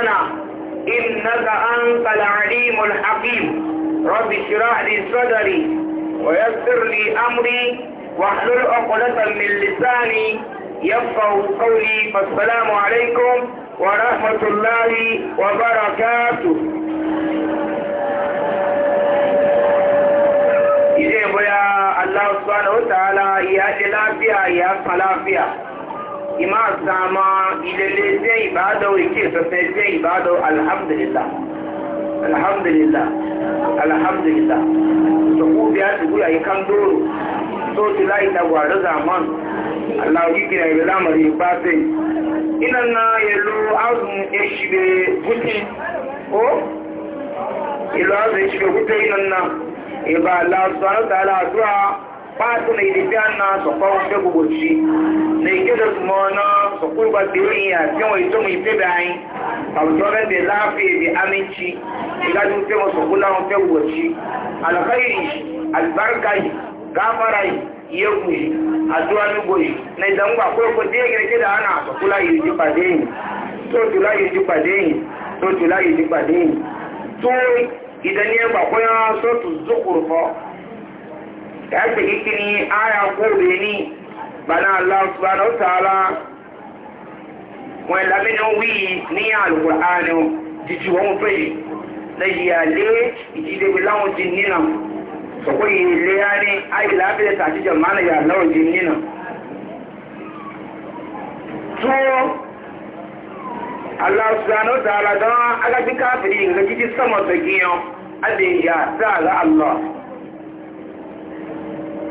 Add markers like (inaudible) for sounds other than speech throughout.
نعم. إنك أنت العليم الحكيم رب اشرح لي صدري ويسر لي أمري واحلل عقدة من لساني يفقه قولي فالسلام عليكم ورحمة الله وبركاته إذا يا الله سبحانه وتعالى يا جلافيا يا خلافيا ìmá zama ilele jẹ́ ìbádọ́ ìkí ìfẹ́fẹ́ jẹ́ ìbádọ́ alhamdulillah alhamdulillah alhamdulillah sọ̀kú bí a ti gúyà ikan dóró tó ti láì dàgbà rẹ̀ zaman aláwọ̀kí na ìrẹ̀lá mọ̀rí pàṣẹ iná na yẹlu azùn eṣìgbè gúti ó ìlú azùn eṣìgbè gúti iná ìbà aláàtúwà pàtó na ìdí bíá na sọ̀kọ́ fẹ́ gbogbo sí na ìdí tó tún mọ́ ná sọ̀kúrú bá ti rí ìyà tí wọ́n ìtọ́ mu ìfẹ́ bẹ́ ayín àwùjọ bẹ́ẹ̀ bẹ́ẹ̀ láàfin èdè amínchi ìdájú fẹ́ mọ́ sọ̀kúrú láwọn fẹ́ gbogbo sí àlàkáyé yìí àlùbáríkà yìí gáfárà yìí yẹ́kù yìí àdúrà nígbò yìí na ìdàmúgbà kó kó dé gẹ́gẹ́ dáa náà sọ̀kúrú láyé ìdí pàdé yìí tó tù láyé ìdí pàdé yìí tó tù láyé ìdí pàdé ya ce ikini aya gobe ni bana Allah subhanahu wa ta'ala wọn lamini wi ni alukur'ani jiji wọn fẹ na yale ìdílé bi láwọn jin nínà sọkọ yìí léya ni ayi lábẹ́rẹ́ tàbí jẹ̀mánà yà láwọn jin nínà. tó Allah subhanahu wa dán alábíkà fèrè ìrẹ́jì tí sọmọ sọ gíyan adé yà sáà Allah.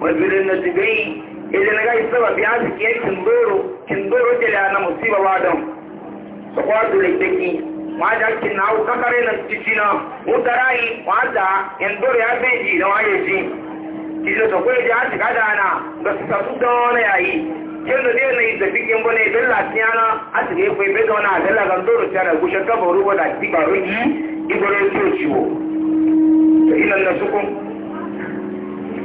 wazirin na jigai idan na gai saba biya su ke kindoro kindoro ke da na musiba ba don su kwazo da daki ma da kin na hau kakare na cici na mutarayi ma da indoro ya bai ji na waye ji kisa su kwaye ji hasi kada na ga su sasu don wani yayi yin da zai na yi zafi kin bane don lafiya na a su ne kwai bai zauna a dalla zan doro tare gushe kafa ruwa da tibarun yi ibarin ciwo ciwo ta ilan na sukun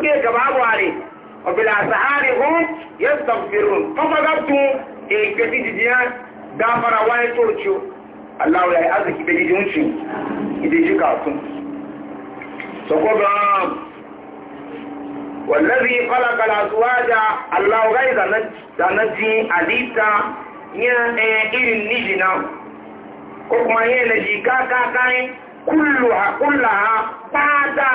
ke gaba gware wa bila sahari hum yastaghfirun fa magabtu e kati jiya da fara wani torcho Allah ya arziki da jijin shi idan shi kafin so ko ga wallazi khalaqa al-azwaja Allah ga idan nan ji alita ya e irin nijina ko kulluha kullaha bada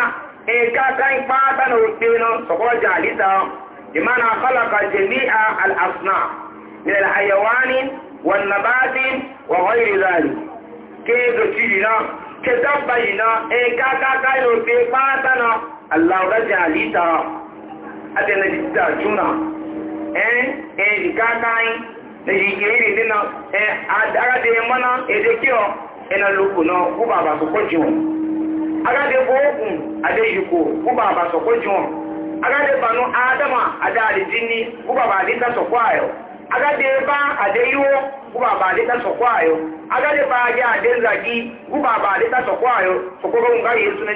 إيكا كان فاتن وكتبنا سقوة جالسة بمعنى خلق جميع الأصناع من الحيوان والنبات وغير ذلك كيف تجينا كتبنا إيكا كان وكتب فاتن الله جالسة أتنا جدا جونا إيه إيكا كان نجيكي إيه دينا إيه أدارة ديمانا إيه ديكيو إنا لكونا كوبا بسوكو جون agade boogun ade yiko guba aba soko agade banu adama ade alijini guba ba alita soko ayo agade ba ade yiwo guba ba alita soko ayo agade ba ade ade nzagi guba ba soko ayo nga yesu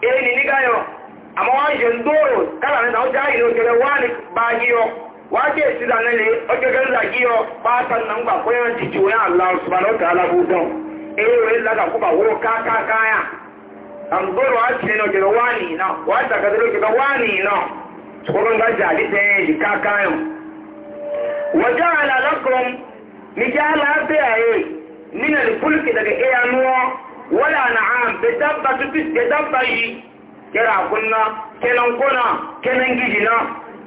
e e nigayo o wájú èsì lálẹ́ lé ọjọ́ gẹ́gẹ́ kí ọ pátá nà ń gbà pé wọ́n ti ju wọn àlá ọ̀sùnmọ́lá ọ̀tà alábùdán èyí rẹ̀ lága kúbà wó kákákáyà àgbọ̀rọ̀ wá ti nínú ọjọ́ wá nìyí náà wá tàkàtà lókè bá wá nìyí náà ṣùgbọ́n ń gbàjà àdìsẹ́ na daga ẹ̀yà nuwọ́ wọ́lá nàá bẹ̀ dábàá tuntun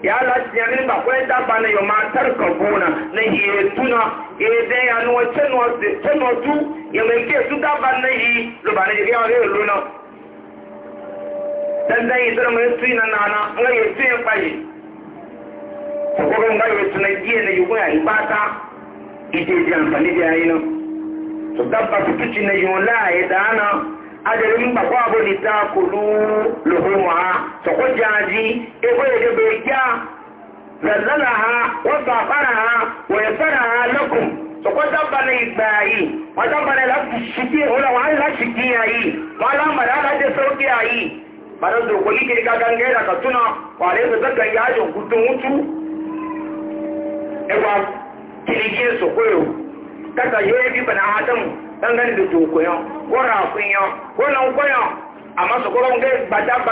ya latiya min ba kwai da daba e na yau matar ka gona na yi tuna e ya da ya nuwa cenotu ya mai ke su da na yi zuba na ya yawon luna dan dan yi zira na nana nga yi tuyi kwaye ko kuma nga yi tuna na yi ya ba ta ita ji amfani da yayi nan dabba su tuci na ya ana adẹ̀rin gbàgbọ́ àbòlítà kò lú lòhùn wà á sọ̀kọ́ jáàjí ewé ìdẹ́gbẹ̀ já zàzánà ha wọ́n bà fara ha wọ́n fara ha lọ́kùn sọ̀kọ́ dábàlẹ̀ ìgbà yìí wọ́n dábàlẹ̀ láti ṣìkí ọlọ́wọ́n láti ṣìkí yìí wọ́n lámàdá láti sọ́kí yìí bàdọ́dọ̀ kò yí kiri gangan gẹ́rẹ́ ka tuna wà lè fẹ́ zaka yájọ gudun wutu ẹwà kiri jẹ́ sọ̀kọ́ yóò kaka yẹ́ bí bana adamu dangane da dokoyan wọ́rọ̀ àfihàn wọ́n lọ ń gbọ́yàn àmọ́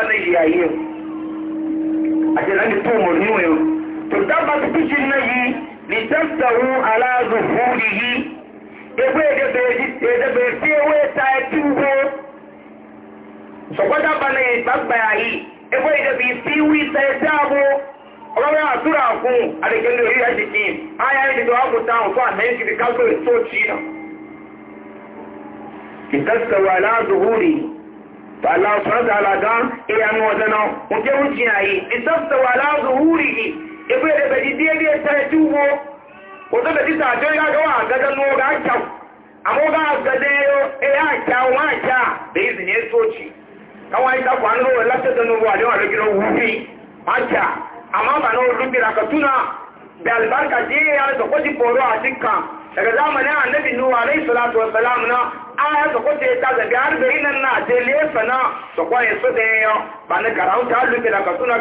ní ìyà yìí àjẹ́lẹ́ni tó nínú ẹ̀ tó dábà tó tó ṣe yìí ní tẹ́sítẹ̀wù aláàzù fún yìí ewé èdèbè sí ewé ta ẹtí wo sọ̀kọ́dábà ní ìgbàgbà yìí ewé èdèbè sí wí ta ẹtí àbò ọlọ́wọ́ àtúrà fún àdìgẹ́lẹ́ orí ìtẹ́sẹ̀wà aláàdùhúrì tààlà ọ̀sánàdà alága ìyàmù ọ̀dẹ́nà oúnjẹ oúnjẹ àyí ìtẹ́sẹ̀wà aláàdùhúrì ìgbé ẹ̀rẹ̀bẹ̀ jí díẹ̀ díẹ̀ tẹ́rẹ tí wo òtọ́bẹ̀ títà àjọ ìyàgọ́wà àgẹ́gẹ́ ní ọgá àjà àmọ́gá àgẹ́gẹ́ ẹ̀yà àjà wọn àjà bẹ́ẹ̀ sì ní ẹ̀ sóòtì káwọn ìtàkù àńlò látẹ̀dẹ̀nu wà ní ọ̀lẹ́gẹ́rẹ́ wúrí àjà àmọ́ àbànú olùgbìrà kàtúnà daga zamanin annabi nuhu alayhi salatu wa salam na aya ta kwace ta zabi har bai nan na je lefa na ta kwaye su da yayo ba na karau ta lubi da kasuna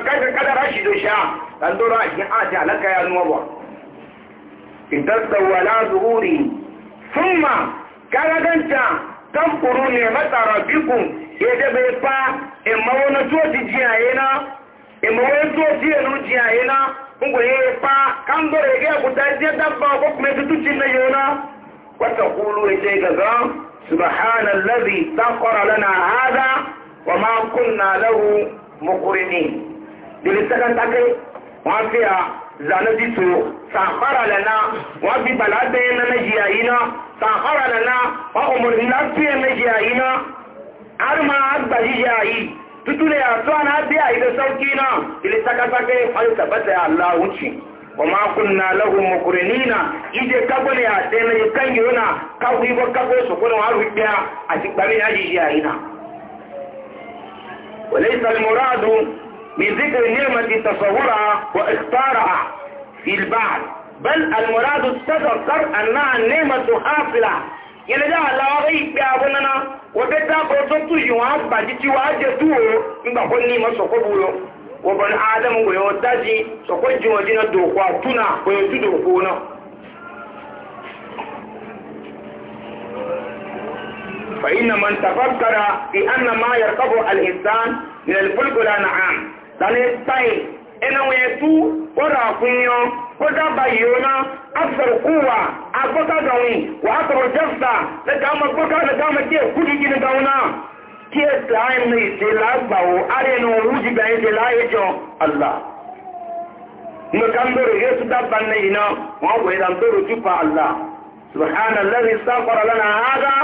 kaga ganta tamfuru ne mata rabbikum ya da bai fa ngwaye fa kan gore ga guda je dabba ko kuma tutuci na yona wata kulu ite ga ga subhana allazi taqara lana hada wa ma kunna lahu muqrinin dile saka take wa fiya zana dito sahara lana wa bi balade na na jiyina sahara lana wa umur na fiya na jiyina har ma agba jiyayi tutule ya zuwa na biya idan sauki na ile saka saka ayo tabbata ya Allah wuce wa ma kunna lahum muqrinina ije kago ne a tena yukan yuna ka wi ba kago su kuna waru biya a ci bari aji ya ina وليس المراد من ذكر نعمة تصورها واختارها في البعض بل المراد التذكر أنها النعمة حاصلة yẹn dá àláwọ́ ìgbé agbónáná wọ́bẹ̀ dábọ̀ tó tù yìí wọ́n á bàjí tí wọ́n á jẹ tú o nígbà kó ní ìmọ̀ sọ̀kọ́ bu lọ wọ́n bọ̀ ní ádámù wòye wọ́n dájí sọ̀kọ́ jí wọn dínà dòkó àtúnà wòye tú dòkó náà. fàyínà mọ̀ tàfàkàrà fi ànà máa yẹ kọ́bọ̀ alìsàn nílẹ̀ fúlùkùlà nàá lálẹ́ táyì ẹnà wọ́n tú wọ́n rà fún yọ kódà báyìí ọ̀nà afẹ́rùkúwà agbọ́kàgàwìn wà ákọ̀rọ̀jẹ́fà lẹ́gàmà gbọ́kà lẹ́gàmà kí èkúdì jí nígbàwọ́nà kí è láàrín ní ìṣẹ́lá gbàwó arẹ́nu orújìgbà ìṣẹ́lá ẹjọ́ allah nǹkan bẹ̀rẹ̀ yóò tún dábàá ní iná wọ́n wọ̀ ìlànà bẹ̀rẹ̀ jùpa allah subhana lẹ́rìí sáfara lẹ́nà ága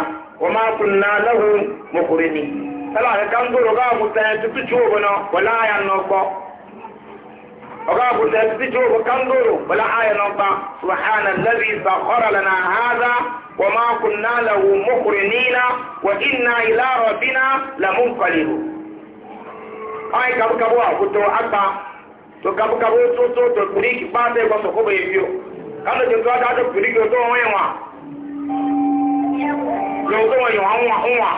wọ́n máa kún náà lẹ́hùn mọ̀kùnrin وقابوا تنسجوا وكندروا ولا آية نبا سبحان الذي سخر لنا هذا وما كنا له مقرنين وإنا إلى ربنا لمنقلبون آية كابو كابو أكتو أكبا to kabu kabu to to to piriki ba ta ba so ko bai biyo kana jin ga da piriki to wanwa lo to wanwa wanwa wanwa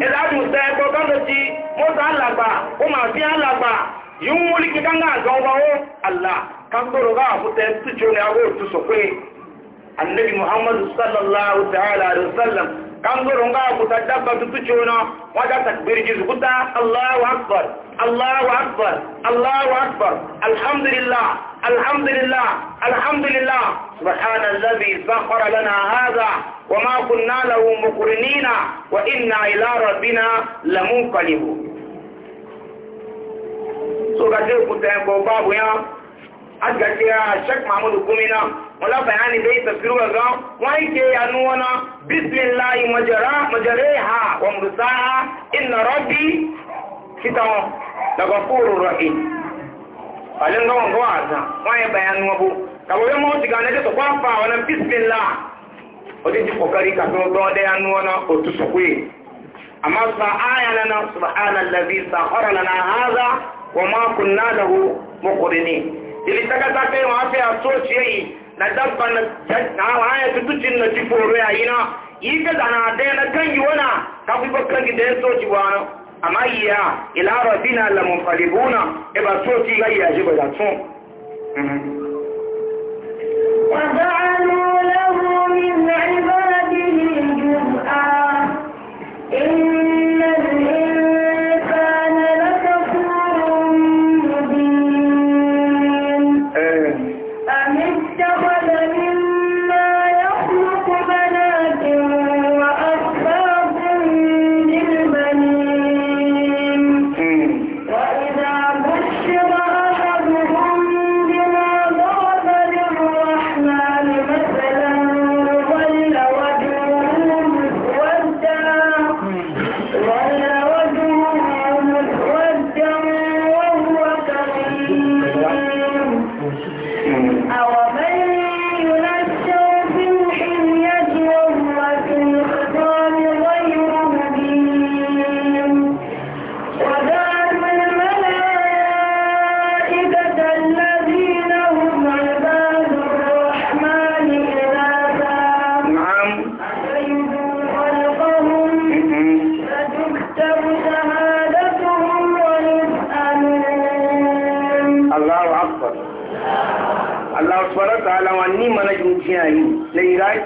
e da mu sai ko kana ti mo ta lagba ma ti alagba yin mulki kan na zan bawo Allah kan doro ga ku ta su ce ne ago su so kai annabi Muhammad sallallahu ta'ala alaihi wasallam kan doro ga ku ta dabba su ce ne wada takbir ji zuta Allahu akbar Allahu akbar Allahu akbar alhamdulillah alhamdulillah alhamdulillah subhanallazi sakhara lana hadha وما كنا له مقرنين وإنا إلى ربنا لمنقلبون so ka sai kun tayin ko babu ya aga ke ya shek mahmud kumina ya nuwana bismillah majara majareha wa mursaha rabbi kitaw la ghafurur rahim alin ga wanga wasa wai bayani wabu kabo kwa fa wala bismillah odi ji kokari ka to do de ya nuwana otu sokwe amma sa aya lana subhanallazi sakhara lana hadha wa ma kunna lahu yi ya ila rabbina la munfalibuna e ba soci ga ya ji ba da tun mhm. wa ja'alu lahu min ibadihi juz'a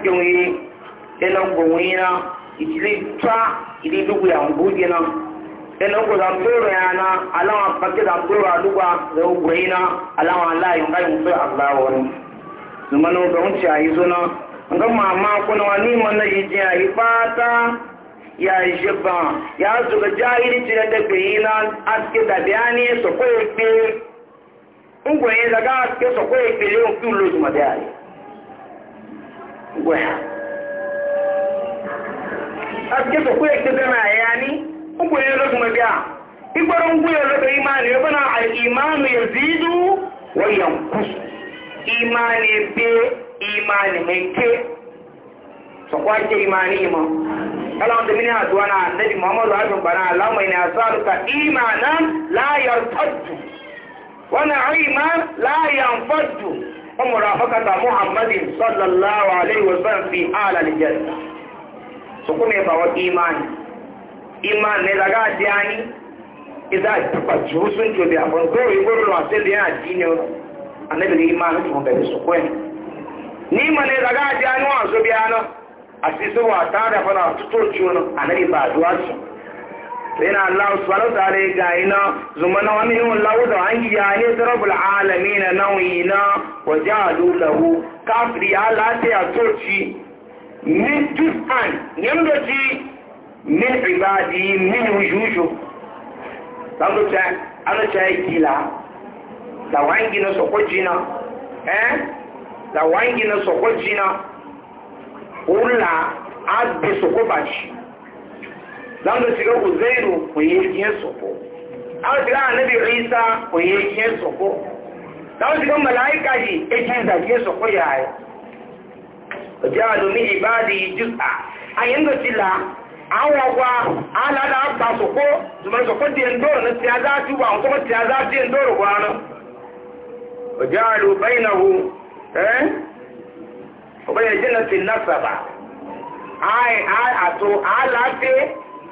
kpɛŋ yi ɛna gbɔŋ na ìdílé taa iri dubu ya ń na ɛna gbò zan na alama apàkè zan a duba rẹ ó na alama layin nǹkan yìí ń fẹ́ àgbà wọn. zumanu a yi zuna nga mama kuna wa a yi fata ya yi ba ya zuga jahili ci yi na aske da aske gwaya aske su kuya ta gana ya ni ugwe ya zo kuma biya igbaron gwe ya zo ya bana al'imanu ya zidu wayan yankus imani be imani mai ke su kwace imani iman. kalawar da mini haduwa na annabi muhammadu hajjin bana alamai na saruka imanan la yarfaddu wani iman layan yanfaddu ومرافقة محمد صلى الله عليه وسلم في آل الجنة سكون يبقى إيمان إيمان نلقى دياني إذا تبجو سنجو بيا فنقو يقولوا له أسل ديانا الدين النبي الإيمان تكون بيبي سكون نيما نلقى دياني وانسو بيانا أسيسوا واتارا فلا تتوجون أنا يبقى دواسو sai na Allah subhanahu wa ta'ala ga ina zuma na wani yin lawuda an yi ya ne zarabul alamin na wina wa ja'alu lahu kafiri Allah ta ya toci min juz'an yamdo ji min ibadi min wujushu sabo ta ana ta yi kila da wangi na sokojina eh da wangi na sokojina ulla ad bi sokobashi za mu shiga uzairu ku yi soko za shiga annabi isa ku yi soko za mu shiga mala'ika ji ake da soko ya yi ku ji alumi ibadi a yin da sila àwọn ọgbà aládà àgbà sòkó jùmọ̀ sòkó di ẹ̀ndọ́rọ̀ ní ti ajá tí wà ń kọ́ ti ajá tí ẹ̀ndọ́rọ̀ wà náà ọjọ́ na bẹ́yìn náà wò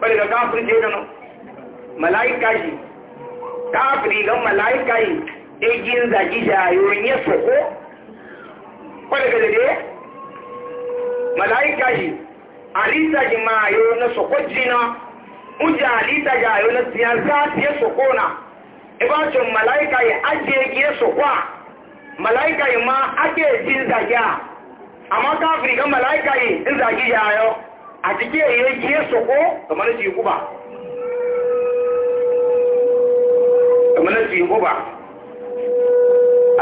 bari ga kafir je da no malaika yi kafiri ga malaika yi e jin za ji jayo ne soko bari ga dade malaika yi alita ji mayo na soko jina uja alita jayo na siyasa ya soko na ibacin malaika yi ajiye giye soko malaika yi ma ake jin zagiya amma kafiri ga malaika yi in zagi jayo A jikin ya yi ya soko da mana shi iku ba. Da mana shi iku ba.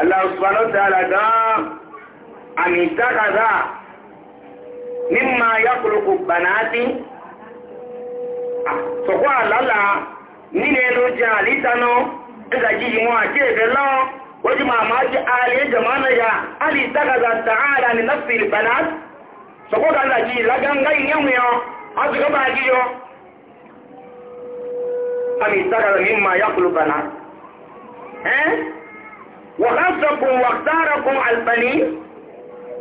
Allah Azzafa na da ala dama a mai zaka za a nima ya kurkukku banaat. Ah, Sokwa lalala ni na yano jihalita na ya zaki yi a kebe lawon wajenwa maji ala ya jama na ya alisaka zata ala ni na fi ilbanas. sọ̀kọ́ ka lajì laganga ìyẹ́wò yẹn azùkọ́ bá jí yọ. àmì ìtàkàrà mi máa yá kúlù bàná. وخصكم واختاركم البنين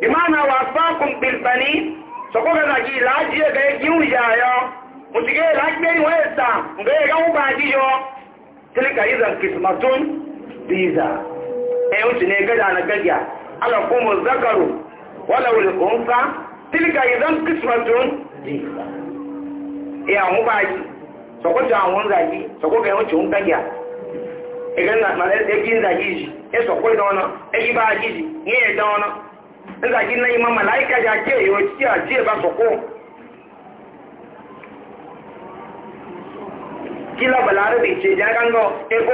بمعنى وفاكم بالبنين sọ̀kọ́ ka lajì láàjì ẹ̀gẹ́ jíwù yàyọ mùsùlùmí lágbé ìwé ẹ̀sà ǹgbẹ́ yọ. tilka izan kismatun biza ẹ̀yìn tún ní ẹgbẹ́ dànù gẹ́gẹ́ alọ́kùnmù zakaru wọ́lọ́wọ́lẹ́kùn tilka idan kismatun ya hun a sako ta hun zagi sako ga yawancin hun kanya idan na malar da gini zagi ji ya sako da wani ya ba ji ji ne ya da wani in zagi na imam malaika ya ke yi ba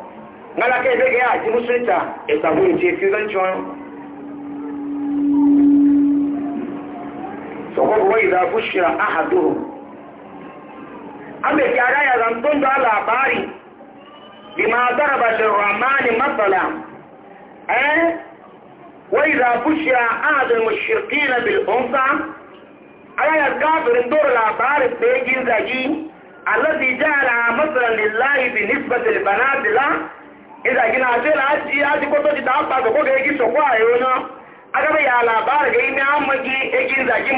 ngala kai bege ya ji musulunta ya sabu ya ce fi zancin wani sakon wai za bushira a haduhu an da kyara ya zantun da labari bi ma daraba lirramani matsala eh wai za bushira a مثلا لله بنسبة البنات له ịda gị na-asị na ihe adịkọtọ ji daa mkpa ga-egi sokwo a yo na aga ya ga ime ama gị egi e nza gị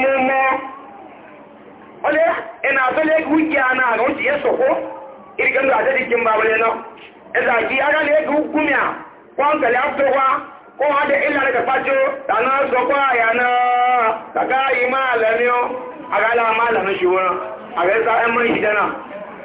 ole e na egwu e gị a na agụ ntinye sokwo irike ndụ adị dị gị mba wele nọ aga na ego ukwu mịa kwa nkele afụtọkwa kwa ha dị ịlara na ya na o aga la ma alami shi aga ịsa eme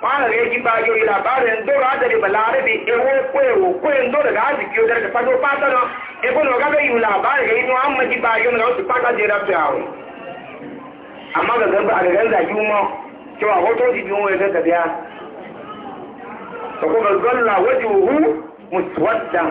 fara reji ba yoyi labarin dora da riba larabi ewo kwewo kwen dora ga aziki da ga fado fata no e bono ga ga yu labari ga inu amma ji ba yoyi ga su fata je rafi awo amma ga gamba a ga da yuma cewa hoto ji yuma ga ga biya to ko ga galla wajhuhu muswaddan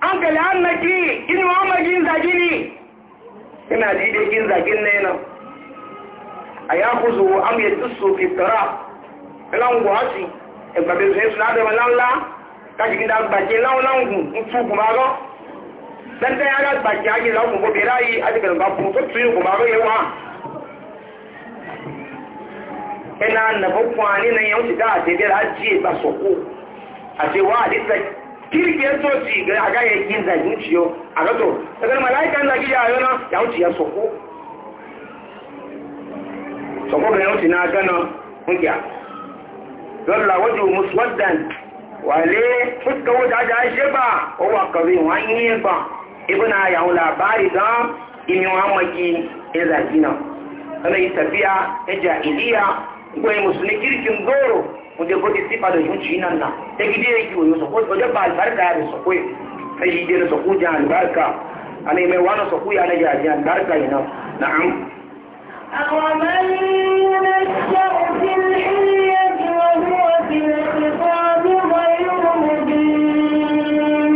an gali an maki in wa magin zagi ne ina ji gin zagin na yana a ya kuzo am ya tusso fitara lan gwasi e babe zai suna da wannan la ka ji da baje lan lan gu in kuma ga dan da ya ga baje agi lan gu ko berai a daga ga pu to su kuma ga yawa ina na bakwani nan yau da ta da hajji ba soko a ce wa hadisa kirgiyar soci ga a gaya yin zagin ciyo a gato daga mala'ikan zagi ya yana ya wuce ya soko soko ga ya wuce na gana hunkiya lọ́la wọ́jú muswaddan wàlé fuska wọ́já já ṣe bá ó wà kọ̀wé wọ́n yí ba ibina yàwó labari gan imi wọn maki ẹzàgina e ọmọ ìtàbíya ẹjà e ìdíya gbọ́yìn musulmi kirkin zoro wanda ya kodi sifa da zuci nan na ta gidi yake wayo su ko wajen ba albarka ya rusa ko sai shi dai na saku jan albarka ana mai wani saku ya na jaji albarka ya nan وَهُوَ فِي الْخِطَابِ غَيْرُ مُبِينٍ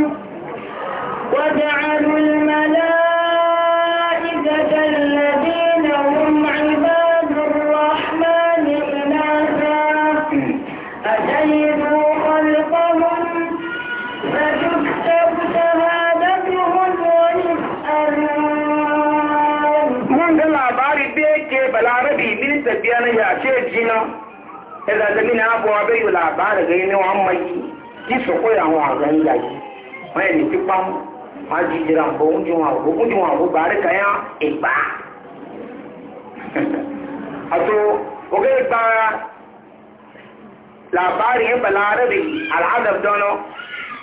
balarabi bin tafiya na ya ce jina ya zazzabi na abuwa bai yi labarin ga yini wani mai ki su koya wa gani da yi wani ne ki kwan ma ji jira ba wujin wa ko wujin wa ko bari ka ya igba a to oge igba labarin ya balarabi al'adab dono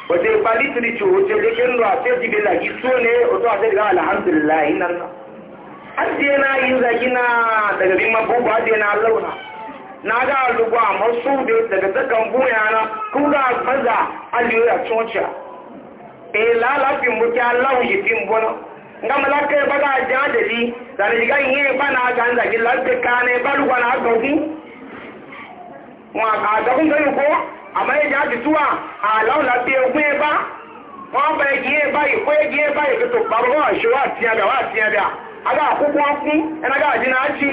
wajen ba litiri ce wajen da ruwa sai jibe lagi so ne wato a sai ga alhamdulillah nan ajiye na yi zagi na daga bin mabubu ajiye na launa na ga alugwa masu da daga zakan buya na kun ga aliyu da cocia e lalafin muke allahu yi fin bono nga malaka da ni ga yin ba na ga zagi lafiya ka ba lugwa na gagu wọn a gagun gari ko amma ya ja a launa biya gwe ba ba ikwe aga akwụkwọ ọkụ enaga adị na achị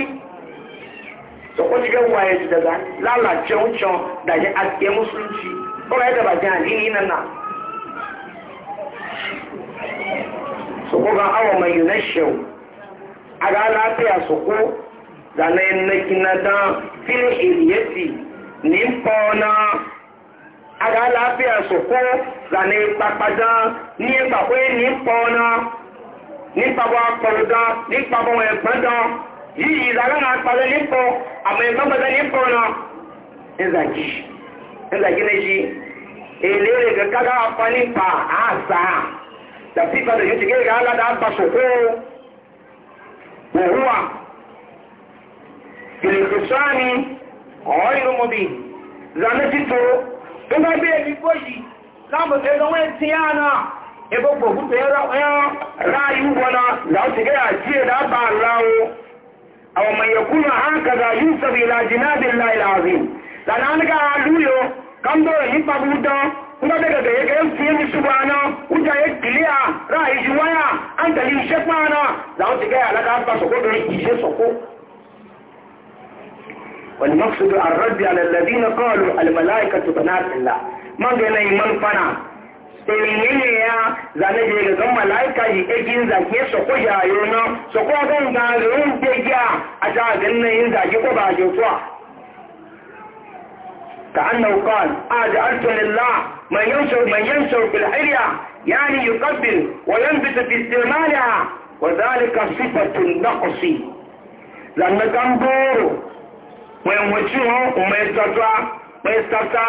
sokojiga waye ji daga lalace wucin da ya aske musulunci kuma ya daba jihar jini nan na sokoga awa mai unesco a ga lafiya soko da na yanaki fili dan filin iriyeti nimpa na a ga lafiya soko da na ipapadan ni ipakwe nimpa na nípa bọ́ akọ̀rọ̀dá nípa bọ́ ẹ̀gbọ́dá yìí ìzàlẹ́ náà pàlẹ́ nípọ̀ àmọ́ ẹ̀gbọ́gbọ́dá nípọ̀ náà ẹ̀zàjì ẹ̀zàjì lẹ́jì èlé rẹ̀ kẹ́kẹ́ apá nípa àṣà tàbí ìbàdàn yóò ti gẹ́gẹ́ aládà àpasòkó wòhúwà ìlẹ̀kùsáàni ọ̀ọ́yìn mọ́bí zanẹ́tìtò tó bá bẹ́ẹ̀ ní kó yìí láàbùkẹ́ lọ́wọ́ ẹ̀ ebe gbogbo tẹ́rọ ẹran ráyú wọna láwọ́sẹ̀gẹ́ àti ẹ̀dá bá ráwọ́ àwọn mayakuna hankada yusuf ilajinabi láìláàrí lànà nígbà lúyọ kọ́ndọ̀rọ̀ nípa búdán nígbàdẹ́gẹ̀dẹ̀ yẹ kẹ́ fi ní ṣùgbọ́n aná kújà yẹ kìlẹ̀ à ráyí ju wáyà án tẹ̀lé iṣẹ́ pààna láwọ́sẹ̀gẹ́ alágbàgbà sọ̀kọ́ lórí iṣẹ́ sọ̀kọ́ والمقصد الرد على الذين قالوا الملائكة بنات الله ما قال إيمان فنا إيمان zane da ya zan mala'ika yi egin zage su ko yayo na su ko zan garin begiya a ta ganin yin zage ko ba ke tuwa ka annahu qal aj'altu lillah man yanshur man yanshur bil hilya yani yuqabbil wa yanbitu fi istimaliha wa dhalika sifatun naqsi zan kan boro wen wuci ho umma tata mai tata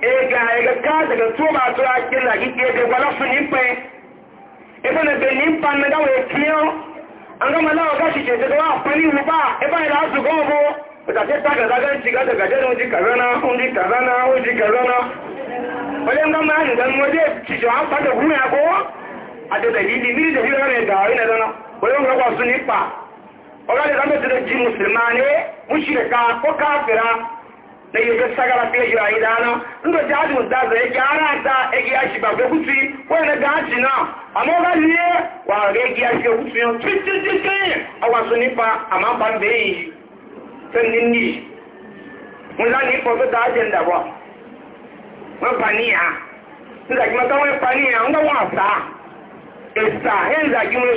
ega ega ka daga tuma tura kila gike ga wala funi pe ebe na be ni pan na dawo ekiyo an ga mala ga shi je daga fani ruba ebe ila su go bo daga ce ta ga daga ci ga daga deno ji kazana undi kazana undi kazana wale nga ma ni dan moje ci jo an fata hu ya ko a da dalili ni da hira ne da ina dana wale nga kwa suni pa o ga da ga da ji musulmane mushirka ko kafira na yake sagara fiye jira idana ndo jaju da zai gyara ta egi ya shiba ga kutu wai na gaji na amma ga liye wa ga egi ya shiga kutu yau twitter jikin a wasu nipa amma ban da yi san nini mun la ni ko da ajin da ba mun paniya nda ki mata wai paniya nga wa sa esa hen da ki mun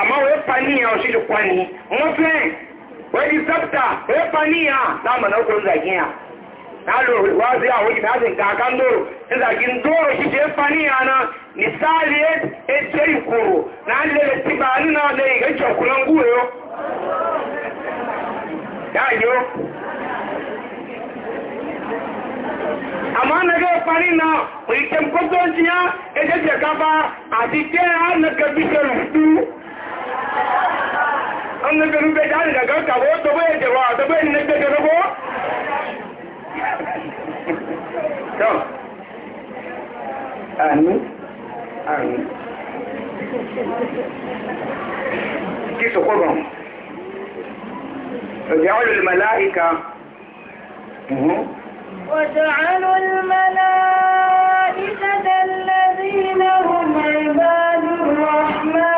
àmọ́ wọ́n pa níyà ọ̀ṣíṣù pa ní wọ́n fẹ́ wọ́n di sẹ́pítà wọ́n pa níyà láàmà náà kò ń zàgí yà lálò wá sí àwọn ìgbà àti nǹkan àkándòrò ìzàgí ndòrò ṣíṣe pa níyà náà ní sáàlì ẹjẹ́ ìkòrò náà lè ti bá a nínú ọ̀lẹ́ ìgbẹ́jọ̀ kúlọ̀ ń gúwèé yáyó àmọ́ nẹ́gẹ́ parí na ìtẹ̀mkọ́gbọ́n ti yá ẹjẹ́ jẹ́ kábá àti jẹ́ á nẹ́gẹ́ bí ṣe rùfú an na ganin bai dani daga ta ko ta bai da wa ta bai ne da ga ko to ani ani ki so ko gon فجعلوا الملائكة وجعلوا الملائكة الذين هم عباد الرحمن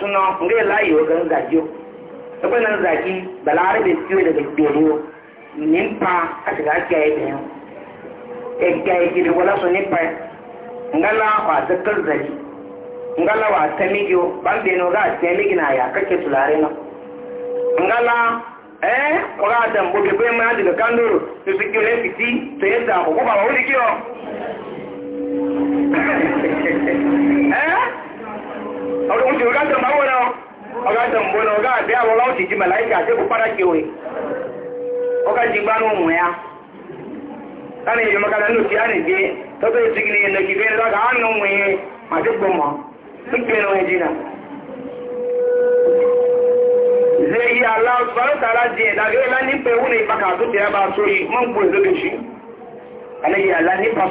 suna nga layi wa gan zajo akwai nan daga bero nimpa a shiga ake yi da yau ẹgbẹ́ ìgbìrì wọlé sọ nípa ngala wà zẹ́kẹ́r zẹ́lì ngala wà tẹ́mígi o bámbé ní ọgá tẹ́mígi náà yà kẹ́kẹ́ tùlárí ngala eh, (laughs) ọdún tí ga tẹ̀mbá wọ́n náà ọgá tẹ̀mbó náà ọgá àbẹ́ àwọn ọlọ́wọ́ ti jí màláìkì àti a padà kí òwe ọgá jí gbá nù mùá láti ìjọ a nìgbé tọ́tọ́ ìsìnkì ní ẹnìkì bẹ́ẹ̀ lọ́gà á nù mùí màdé gbọ́ mọ́ pípẹ́ nù ẹjì ni baka ba so yi mun bo zo de shi ala yi Allah ni pa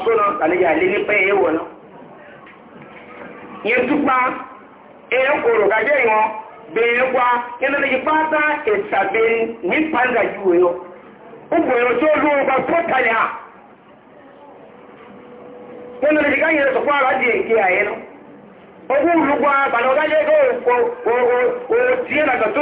ni e E koro gaje yon bẹ̀rẹ̀ wa yẹnu ní ipá bá ìsàbẹ̀ ní pàǹdà oyo. wò ó gbòòrò tó ló ń gba pọ́tàlì à ara di èké àyẹ́ nù ogún olùgbọ́ àbàlọ́ gájẹ́ kó o tiẹ̀ nàgbà tó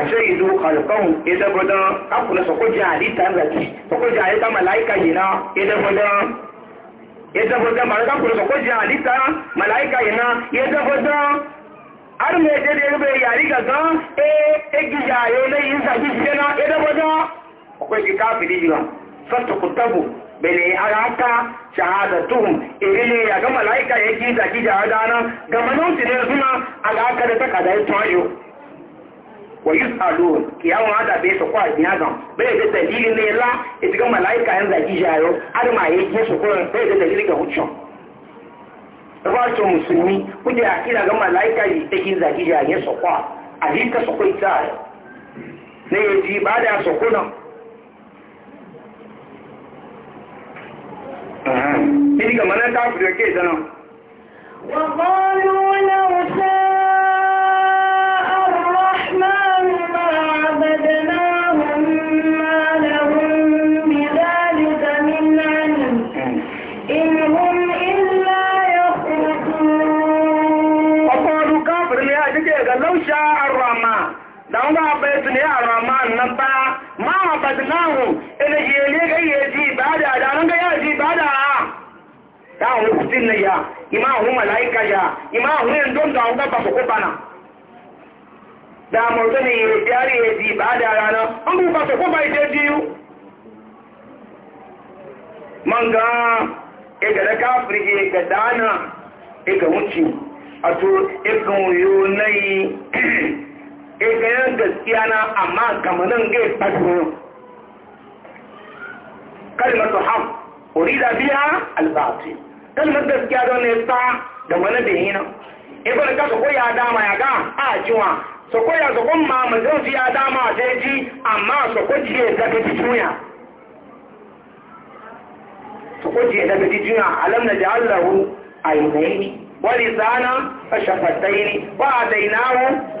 àṣẹ́yìndú àlùkọ́hùn ẹ̀dẹ́gbọ́dán ápùnà sọ̀kọ́jà àdìta ńlẹ̀tì sọ̀kọ́jà àdìta màláìka yìí náà ẹ̀dẹ́gbọ́dán ẹ̀dẹ́gbọ́dán màláìka pùnà sọ̀kọ́jà àdìta màláìka yìí náà ẹ̀dẹ́gbọ́dán arúgbó ẹ̀dẹ́ ẹgbẹ́ yàrí gàgán ẹ ẹgbìyà ẹlẹ́yìn ìsàgbìsílẹ̀ náà ẹ̀dẹ́gbọ́dán ọkọ̀ ìjìká fìdí jùlọ sọ́tùkùtàbù bele alaka shahadatuhum irile ya ga malaika yake zaki da adana ga manauti ne suna alaka da takada ya tayo wa yus'alun kiyama ada be so kwa biyaga be da dalili ne la itiga malaika yan da gijayo har ma yi ke so ko be da dalili ga huccio rawato musulmi kuje akira ga malaika yi take da gijaye so kwa alita so ko ita ne yi ba da so ko na Ini kemana kau pergi ke sana? وقالوا ne yara ma na ba ma ma ba na hu ina je ne ga ya ji ibada da nan ga ya ji ibada ta hu kutin ne ya ima hu malaika ya ima hu en don da hu ba ko bana da mo to ne ya jari ya ji ibada da nan an ba ko ba ite ji yu manga e ga kafiri e ga dana e ga wuci (clears throat) Eh, gayan gaskiya na amma kamanin gai fato kalmatu ham urida biya albati kalmar gaskiya don ne sa da wani bihina ibar eh, ka su ya dama ya ga a cewa su koya su kun ma mazan ya dama a ji amma so ko ji da su tuya so ko ji da ka a yi na wani aynaini a lisana fa a wa adainahu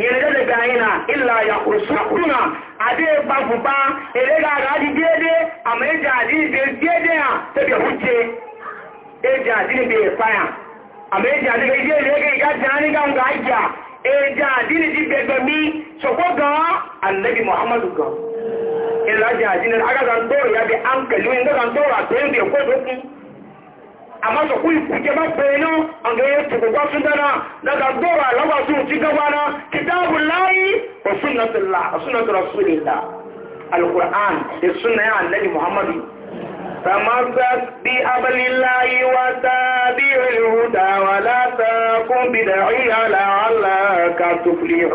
yẹ̀rẹ́ lè ga yìí ìlà yàkùsùnà àti ipa fùpa èrègà àgájí déédé àmà èjì àdínigbè déédé à tẹ́bẹ̀ hújẹ èjì àdínigbè ìpáyà àmà èjì àdínigbè déédé ìgá jẹ́ àníkà ìjà èjì àdínigbè gbẹ̀mí sọ̀kọ́ gan annabi muhammadu gan ìlàjì àdínigbè agagantoro yàbẹ̀ àǹkẹ̀lú ìgbẹ̀gantoro àtẹ́yìn amma ka kuyi kuke mabbe na an ga yadda ku kwasu dana daga dora lawa su ci gaba na kitabun layi wa sunnatullah wa sunnatu rasulillah alquran da sunna ولا تكن بدعيا لعلك تفلح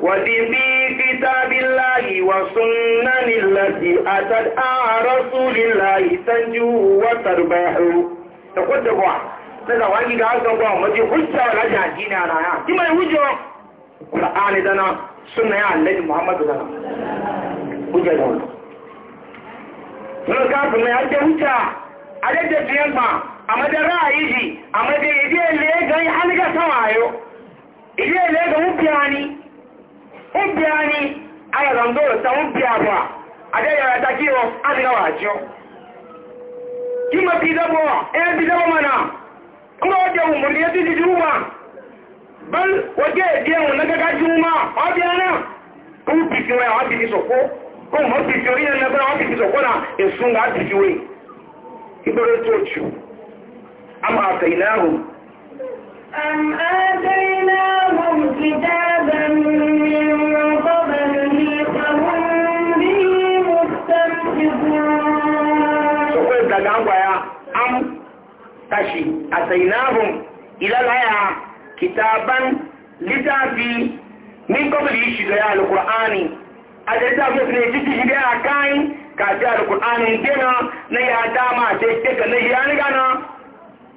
وفي كتاب الله والسنن التي أتت رسول الله تنجو وتربح تقول دقوا نزا وانجي قاعد دقوا مجي حجة ولا جاجينا أنا يا كما يوجو قرآن دنا سنة يا النبي محمد دنا حجة دون من كافر ما يجي حجة أجد تيانما أما جرى يجي أما جرى يجي اللي يجي حلقة سوايو إليه ليه قمت يعني ubi anyị ayọrọ ndị ụlọta ubi abụọ agaghị arata gị ọ adịghị ajụ gị idebo ebidebo mana nga ọdị ọwụ mụrụ ya tijiji ụwa bal wọge edi ẹwụ na gaga ji ụma ọbịa na ubisi nwe ọbịa sọkwụ ụmụ ọbịa onye nnabara na esu nga tashi a sainahun ilalaya kitaban littafi min kobili shi da ya alkur'ani a da littafi su ne jiki shi da ya kayan kafi alkur'anin gina na ya dama ce ka na ya gana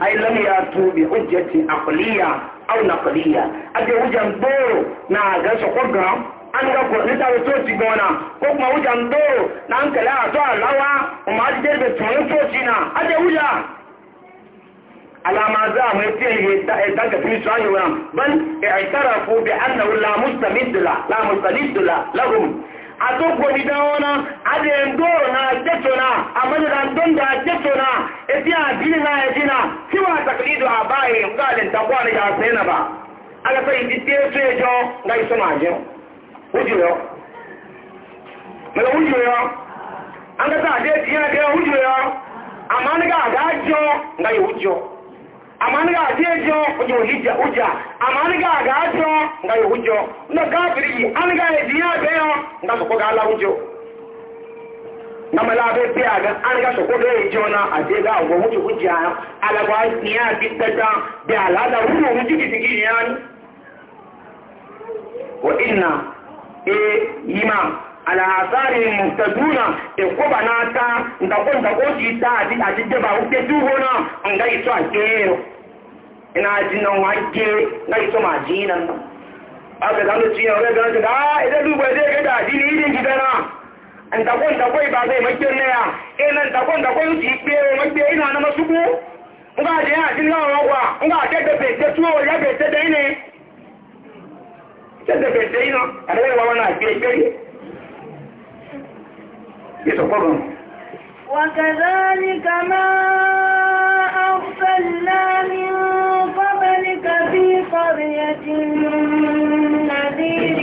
ai lam yatu bi hujjati aqliya aw naqliya ade hujan doro na ga so ko ga an ga ko ni tawo to ti gona ko kuma hujan doro na an kala to alawa o ma ji derbe to yo to ti na aje huja alama za mu yi fiye da ya daga fi su hanyar ban ya aikara ko bi annahu la mustamidula la mustamidula lahum a dogo ni dawana na jetona a madara don da jetona ya fi na ya jina ci ba taklidu a baye galin ta kwana ya sai na ba a ga sai jite su na iso na jin hujjiyo na yi amani ga je jo hija uja no ga biri an ga e ya be yo ga so ko ga la ujo na mala be pe aga an ga so ko be jo na aje ga ujo uja ala wa ni bi tata be ala da ru no ti ki ala azari muhtaduna e ko bana ta nda ko nda ko ti ta ati ati de ba uke tu ho na nga ito akero ah, ina ah, ji na wa ge nga ito ma ji na aga da lu ti ya ga ga da ida lu ba de ga da ji ni ni ji da na nda ko nda ko ba ma makke ne ya na nda ko nda ko ti pe o makke ina na masuku nga je ya ji na wa kwa nga de de pe de tu o ya be te de ni te de pe de ina ala wa wa na pe pe ìsọ̀kọ́rọ̀ وكذلك ما أرسلنا من قبلك في قرية النذير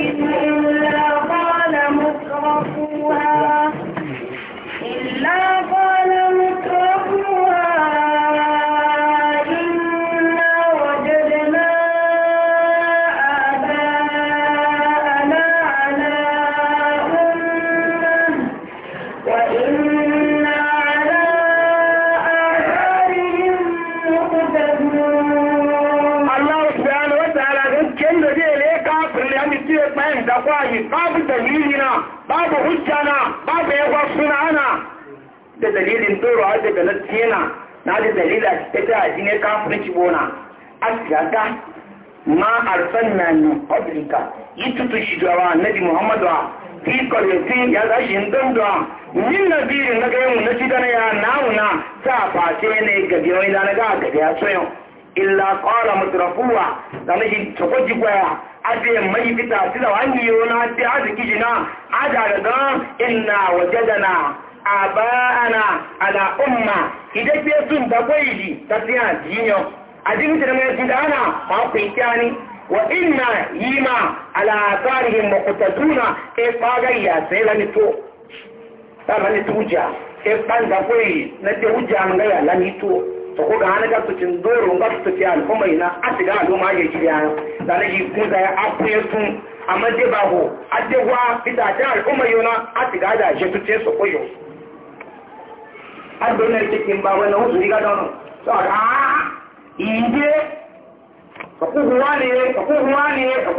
babu hujja na babu yawa suna ana da dalilin dorowa daga na tiyana na da dalila ita a jini kafirci bona asirata ma yi min shi jawa na annabi muhammadu fi qaryati ya zashin dandwa min biyu na yau na gana ya nauna ta face ne ga wani na ga gabe ya soyo illa qala mutrafuwa da tokoji kwaya ade mai fita sila wani yona ti aziki jina ada daga inna wajadana abana ala umma idan ke sun da kwaili ta jinyo adin da mai jidana ma ku kyani wa inna yima ala tarihim muqtaduna e fagayya sai lani to sala lani tuja e panga kwai na te uja ngaya la ya to su ku ga hannun gasu cin doro ga na yi kun a kuye sun amma je ba a je wa idajen al'umma yana a shiga da je tuce su a cikin ba wani hutu riga da wani so a ide ka ne ka ne ka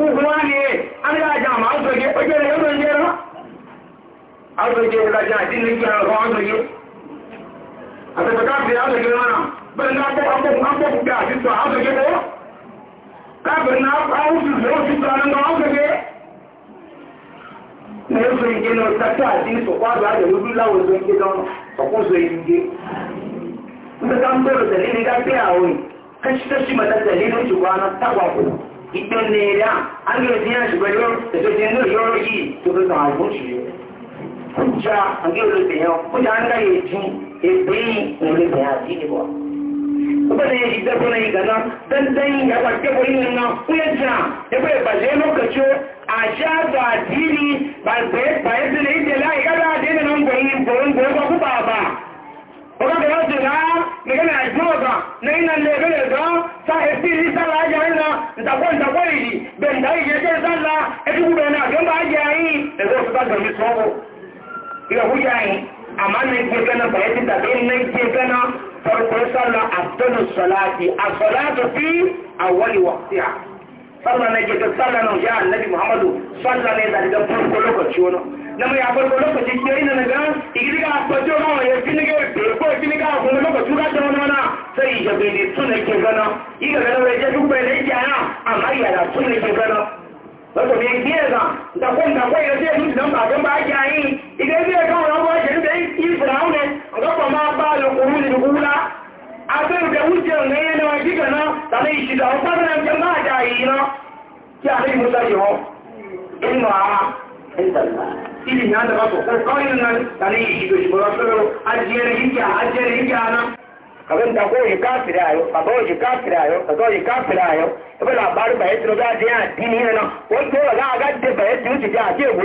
ne an ga jama'a su ke kwaje da yawon an bẹ̀rẹ̀ ìgbẹ́ ní ẹ̀rẹ́ àgbẹ̀rẹ̀ ní àṣùgbọ́n yóò tẹ̀lé ní ìyọ́rọ̀ yìí tó fẹ́ sàn àgbọ̀ṣù yìí kújà àgbẹ̀rẹ̀ tẹ̀yàn kújà ń láyé ju èdè ìrìnlẹ̀ àti ìdìbò kuma da ya shiga suna yi gana don dan ya kwakke ko yin nan kuyaja ya bai balle lokaci a sha da dini ba bai bai da ne da lai kada da ne nan goyi goyin goyi ba ku ba ba ko ga da su na ne kana joga ne nan le bele ga sa e ti ri sa la ja na da ko da ko ri ben dai je je sa la e ti ku be na ga ba ja yi e ko sa ga mi so ko ila hu ja yi amma ne ke kana ba e ti da ben ne ke kana farko sallah afdalu salati as-salatu fi awwali waqtiha sallah ne ke sallah nan ya annabi muhammadu sallah ne da daga farko lokaci wani na mai farko lokaci ke ina na ga ya bai ne tun ke gana iga ga wai ya duk bai ne ya amma ya da tun ke gana wato ne biye ga da kun da kai ya ce ni dan ba ga ba ya yi idan ọ̀dọ́pọ̀ máa bá lọ́kùnrin ìdúgbúlá abẹ́rùgbẹ̀ wújẹ ọ̀nà ẹ̀yẹ́ náà gígẹ̀ náà tàbí ìṣìdà ọ̀pá mẹ́rin jẹ́ máa jà yìí náà kí àrí ìmúta yọ ẹnu àmà ìlú ìyá ń dábàtọ̀ kó kọ́ inú náà tàbí ìṣìdò ìṣìbọ̀lọ́ fẹ́rọ ajẹ́rẹ́ yíkà ajẹ́rẹ́ yíkà náà kàbẹ́ nta kó yìí káfìrí ayọ̀ bàbá òyì káfìrí ayọ̀ bàbá òyì káfìrí ayọ̀ ẹgbẹ́ làbárí bàyẹ́ tí ó bá dé àdínní náà wọ́n tó ọ̀gá àgá dé bàyẹ́ tí ó ti dé àti ègbò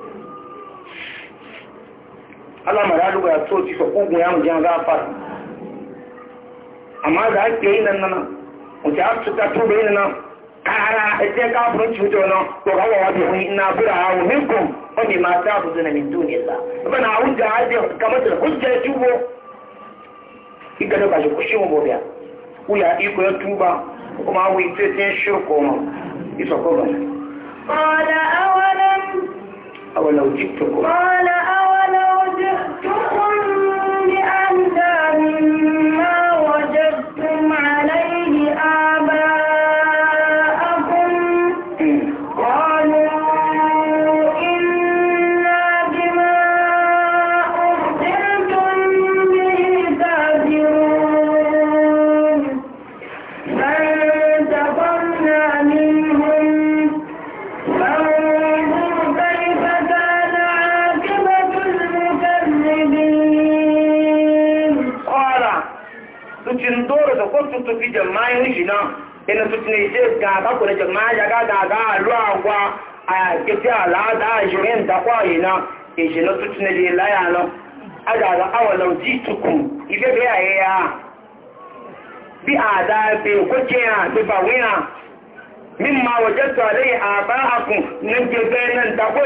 alamara alugu ya to ti sọkú ya yawon jan gafara amma da ake yi nan nana wace a tuta tuba yi nana kara ẹjẹ káfún cuta na to kawo wa bi hun ina bira a minkum ahụ ma ta su zina min duniya sa bana hujja haje kamata hujja tubo igana ba shi kushi mu bobiya uya iko ya tuba kuma awu ite tin shirko ba qala awalam أولو جئتكم قال أولو جئتكم tó tó fi jẹ máa ń yìí náà ẹni tó ti lè ṣe gan àbákùnrin jẹ máa yàgá gàgá àlọ́ àwa àgbẹ̀tẹ̀ àlàáda ìṣòro ìdákọ̀ yìí náà ìṣẹ̀lẹ̀ tó ti lè láyà lọ. Àgbàgbà àwọ̀lọ̀ jí tukù ìgbẹ́gbẹ́ àyẹyà bí àdá ẹgbẹ́ òkójì hàn gbígbà wíhàn mímọ̀ àwọ̀jẹ́tọ̀ àlẹ́ àbá àkùn ní gbẹgbẹ́ náà ìdákọ̀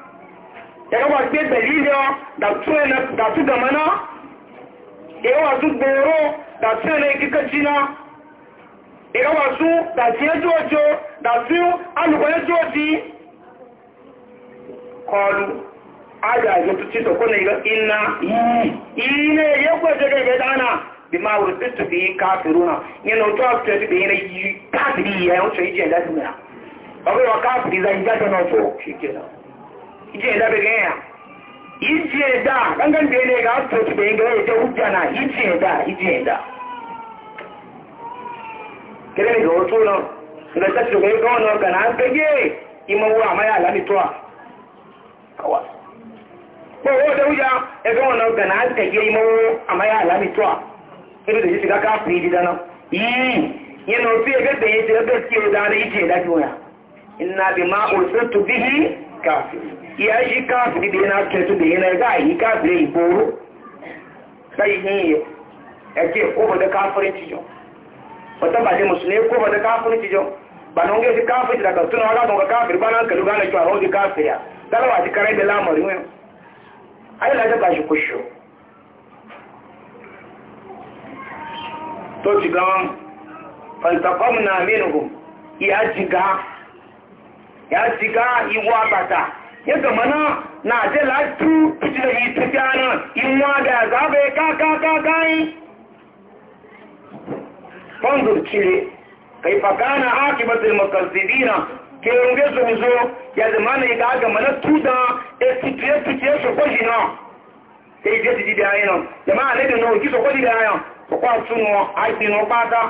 yawa gbe dalilio da su gama na yawa su goro da su ne kikaci na yawa su da su ya jojo da su alukwai joji kọlu aga zutu ci soko na iga ina yi ne ya kwaje ga ibe dana bi ma na yi na otu akwai tutu bi yi ya yi wuce ije da su mera ọgbẹ̀rọ kafiri za ije da bigaya ije da gangan da ne ga to ci bayin gare ta hujja na ije da ije da kire ne ga wato na ga ta ci bayin gawa na ga na gage imawa ma ya lani towa kawa ko wo da hujja e gawa na ga na gage imawa ma ya lani towa da shi ga ka fi didana yi yana fi kafiri ya shi kafiri da yana ketu da yana za a yi kafiri ya goro sai yi yi ya ce ko ba da kafirin cijo wata ba ne musulmi ko ba da kafirin cijo ba na ungeshi kafiri daga suna haka don ga kafiri ba nan kalu gane cewa hauji kafiri ya dalawa ji karai da lamarin yau ai na ba shi kusho to ci gawan fantakwam na ya shiga iwa bata ya gama na na je latu da yi tafiya na inwa da zabe ka ka ka kai fangur cire kai fakana hakimatul mukazzibina ke runge su mizo ya zama na ga gama na tuda e tutiye tutiye su kwashi na sai je ti di da yana jama'a ne da nawa kiso kwashi da yana ko kwa sun wa aikin wa bata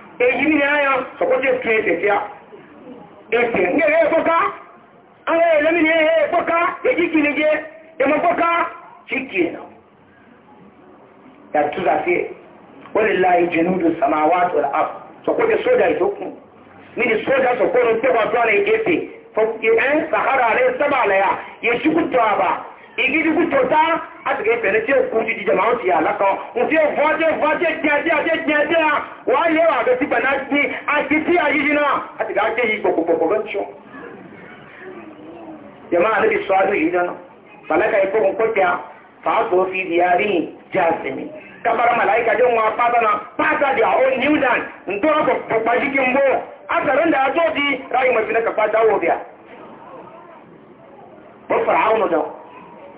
èyí ní ẹ̀yà sọ̀kọ́jẹ́ fi ẹ̀sẹ̀ fíà ẹ̀sẹ̀ ní ẹ̀yẹ pọ́ká àwọn ẹ̀lẹ́mí ní ẹ̀yẹ pọ́ká èyí kì ní jẹ́ ẹmọ pọ́ká chíkì ẹ̀nà yàtúzà sí ẹ̀ wọ́n lè láì jẹnu lù sàmáwá tó rà áfù sọ̀kọ́jẹ́ sójà ìtókùn ní ni sójà sọ̀kọ́jẹ́ tẹ́wàá tó rà ẹ̀ẹ́fẹ̀ ẹ̀ sàhárà rẹ̀ sábà lẹ́yà yẹ igirigbu tota àti kẹ́ pẹ̀lú tí ó ti máa ń ti jẹ́jẹ́ jẹ́jẹ́ yẹ́ wà bẹ̀ ní náà yìí pọ̀pọ̀pọ̀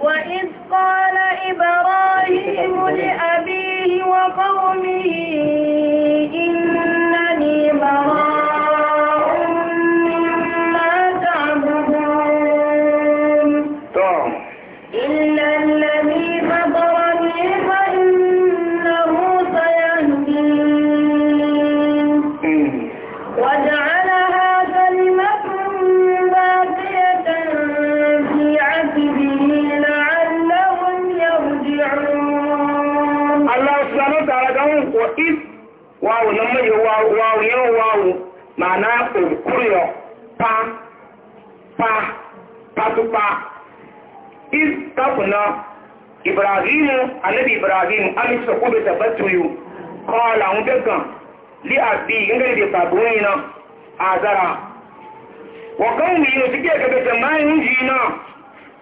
وإذ قال إبراهيم لأبيه وقومه maana okurio pa pa patupa istafna ibrahimu anabi ibrahimu aliso kube tabatuyu kala un bekan li abi ngai de babuina azara wa kawmi yusike ka be jama'in jina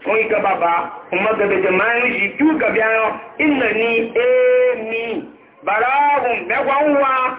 kun ka baba kuma ka be jama'in ji tu ka biyo inna ni e mi barahum begwanwa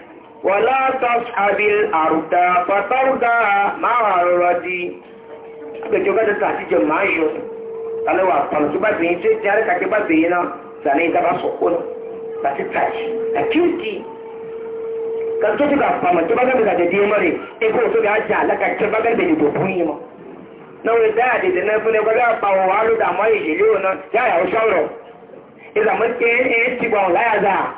wọ̀lá tọ́sàbí àrùdá pàtàrùdá máa rọrọ̀ di agbẹjọ́gbẹ́jọ́ tàbí jẹ máa yọ tàlẹ́wà pàlù tó bá bèyí tó ti arẹ́ kàkẹ́ bá bèyí náà tàlẹ́ ìdábà sọ̀kó náà láti tàjì àkíyèsí kàtó tó bá pàmò tó bá gbẹ̀gbẹ̀ gàdé díẹ̀ mọ́rẹ̀ ebi òtó gà ájà alákàkẹ́ bá gbẹ̀gbẹ̀ dìbò fún yín mọ́ náà wọ́n dáa náà fún ẹgbẹ́ bá wọ́n wá mọ́ ìyèlé náà yáyà ó sọ̀rọ̀ ìzàmọ́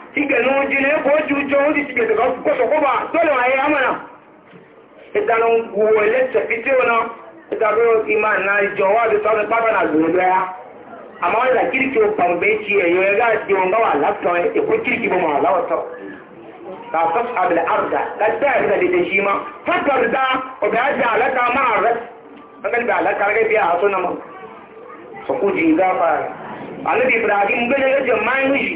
igẹ̀nu jìnà ẹkọ̀ ojú jọ ó sì gbẹ̀dẹ̀ kọ́sọ̀kọ́bà tọ́lọ̀ ayé amọ̀nà ìdáná wo ẹlẹ́sẹ̀ fi tí ó ná ìdáná ìmá náà ìjọ wà ló sọ́nà pápá náà lòun lọ́yà àmọ́ wọ́n ìlà kíríkì ó pàmò bẹ́ẹ̀ ti ẹ̀yọ ẹ̀gá àti ohun báwà látàn ẹ̀kọ́ kíríkì bọ́ mọ̀ láwọ̀tọ̀ kàfọ́s abẹ̀lẹ̀ àbùdá láti àbúdá dédé sí ma fọ́tọ̀rọ̀dá ọ̀bẹ̀ àti àlẹ́ta máa rẹ̀ ọ̀gẹ́ni bẹ̀ àlẹ́ta rẹ̀ bí àtúnamọ̀ sọkújì ìgbà fara àlẹ́bí ibrahim gbẹ́lẹ́ lẹ́jọ̀ máa ń yìí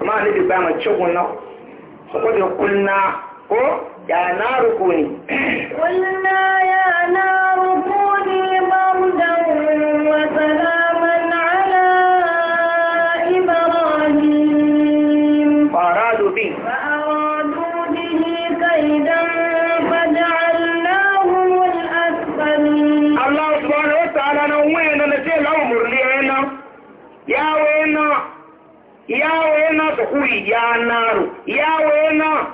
amma ne nufi bayan mace na su kwaje kunna ko ya na rukuni kunna ya na rukuni maudan su kuri ya naru ya wena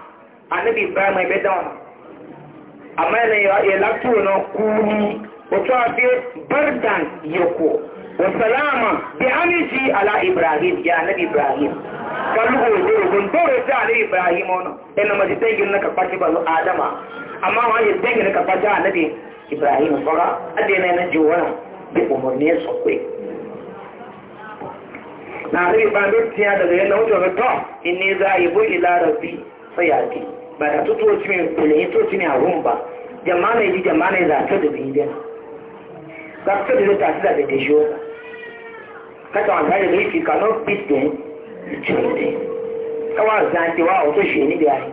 annabi ibrahim bai da wani amma yana ya latu na kuni wato a fi bardan yako wa salama bi aminci ala ibrahim ya annabi ibrahim kallu ko dole gun dole ta annabi ibrahim ono ina maji dangin na kafaci balu adama amma wa ya dangin na kafaci annabi ibrahim fara adena na jiwa bi umurne sokwe na zai ba dukkiya daga yadda wuce ga to in ne za a yi bai ila rabbi sai ya ce ba da tuto ci mai a rum ba jama'a ne ji jama'a ne za ta da biyu dana za ta da ta ta da ta shiyo kata wa zai da ifi kano fitin cuti kawa zanti wa auto shi ni da yi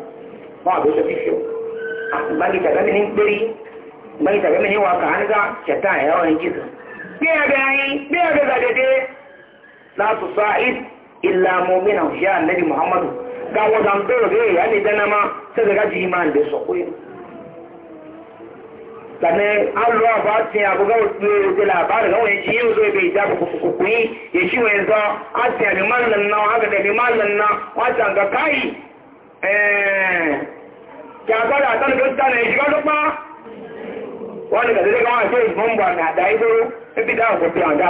ba da ta fi shiyo ba ni daga mini kuri ba ni daga mini wa ka hanga shata ya yawan gizo biya da yi na su sa'id illa mu'minan ya muhammadu ga wadan dole ya ne dana ma sai daga ji iman da so ko sannan an ruwa ba su ya buga da ga wani ciyo zai bai ja ku ya shi wani zo a siya bi mallan nan a tsanin ya ga zai na da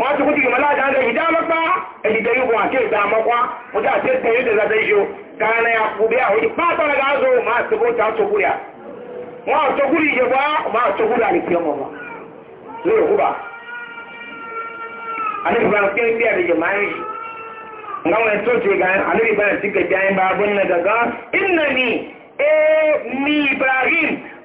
wọ́n ti kúti ìmọ̀lá àdáńdẹ̀ ìdámọ́pá ẹ̀dìdẹ̀ yìí wọn àti ìdámọ́pá wọ́n ti àti ẹ̀sìn yìí dẹ̀dẹ̀ yìí gánà ya kú bí àwọn ìdí pátá rẹ̀ gáàzó máa ti bó ta tókùrì à wọ́n àtókùrì ìjọba máa tókùrì àlèkè ọmọ wọn lórí òkú bá alébìbá ní kéwì bíi àdéjọ máa ń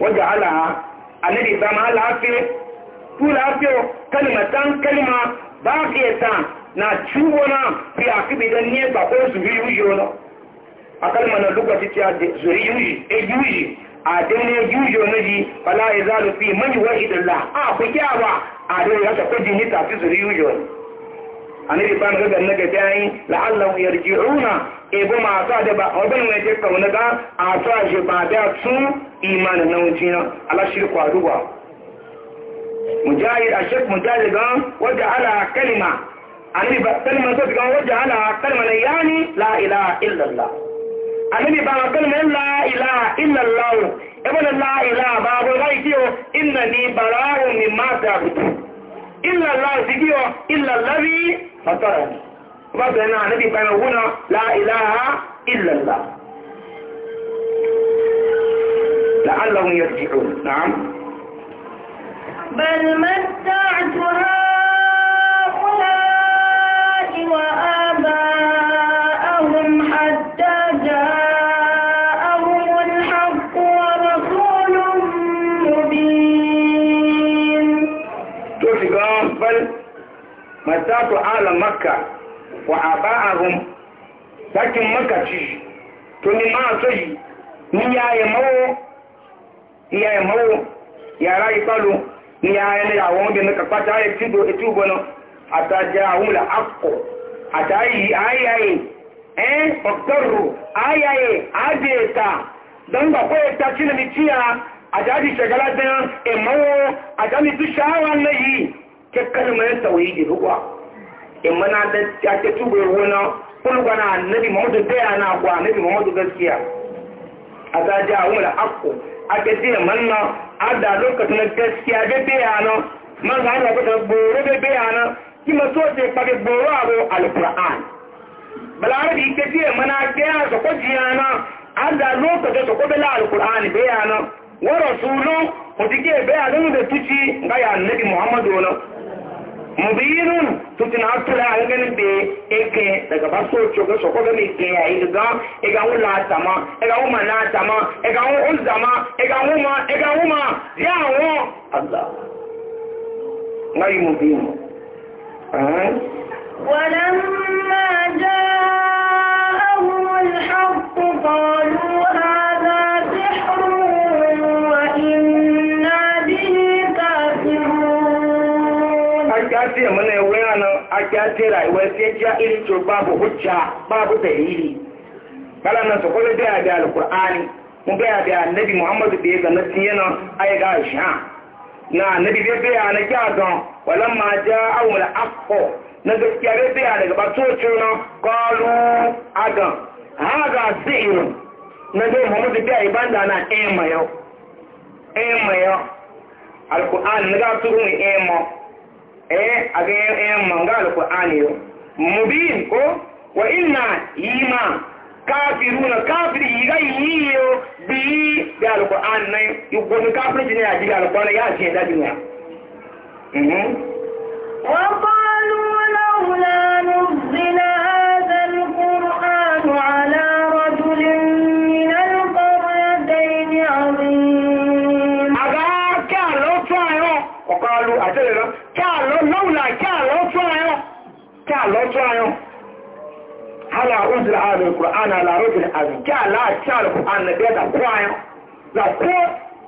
wajen alaha annabi ba ma lafiya ku lafiya kalimatan kalima ba ta na ciwo na fi a kibi don ne ba ko su biyu yi wani a kalma na lokaci ta zuri yuji e yuji a dole yuji wani ji bala ya fi mani wa idalla a ku kyawa a dole ya ta kwaji ni tafi zuri yuji wani annabi ba ga ganna ga tayi la'allahu yarji'una e ba ma sa imanin na wucina alashirku a duba mujahid a shek mujahid gan wajen ala kalima annabi ba kalima ta gan wajen ala kalima na yani la ilaha illallah annabi ba ma kalima la ilaha illallah ibn la ilaha ba ko ba kiyo inna ni bara'u mimma ta'budu illallah zikiyo illallazi fatarani ba sai na annabi ba na wuna la ilaha illallah لعلهم يرجعون نعم بل متعت هؤلاء وآباءهم حتى جاءهم الحق ورسول مبين تشكرون بل متعت أهل مكة وآباءهم لكن مكة تشي تنمى تشي ni yaye mawo iya imawo yara ikalu iya yana eh, eh, eh, ya wọn bin ka pata ya tubo tubo no ataja a akko atayi ayaye eh fakkaru ayaye adeta ko ta ajadi shagala ajami nayi ke ruwa da ta tubo wona kullu annabi muhammadu da yana kwa annabi muhammadu gaskiya ataja akko ake ce manna adda lokacin gaskiya bebe yana man ga Allah kuka goro bebe yana ki ma so ce kage goro abu alquran balarabi ke ce mana ga ya so koji yana adda lokacin so ko bela alquran be yana wa rasulu ko dige be mubinun tutun atula a ganin eke daga baso so coga so koga ke yayi ga ega wu la tama ega wu na tama ega wu uzama ega wu ma ega wu ma ya wo Allah ngai mubinun eh walamma jaa jaje rayuwar sai ja irin to babu hujja babu dalili bala na sokola da da alqur'ani mun ga da annabi muhammadu da ga nasin yana ga na Nabi bai bai na kya don walan ma ja awul na gaskiya bai daga ba to ce na qalu haga sihirun na dai muhammadu bai na na ga eh a ga yan manga alkur'ani mubin ko wa inna yima kafiruna kafiri yi ga yi yo bi bi alkur'ani na yugo kafiri jini ya jiga alkur'ani ya ce da duniya mhm wa qalu laula nuzila hadha alqur'anu ala lọ́tọ́ ayọ́ hálà oúnjẹ ààrẹ kùránà alárògbìn àríkẹ́ aláàkí àrùkùrán na bẹ́ẹ̀ da kó ayọ́ da kó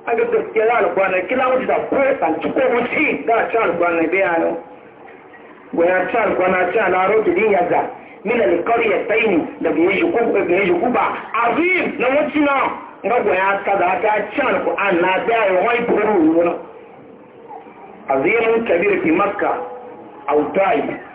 agbègbè kẹrẹ àrùkùrán na kí láwọn ti da kó àti kó wọn sí dáàkí àrùkùrán na bẹ́ẹ̀ ayọ́ wẹ̀yà tí àrùkùrán na tí alárògbìn yíyà gà mílẹ̀ nìkọ́rí ẹ̀tẹ́yìn dàbí èyí kúbà àríyìn na wọ́n ti náà ngagwa ya kada ta can Qur'an na da ya wai buru wuna azimun kabir fi makka aw taib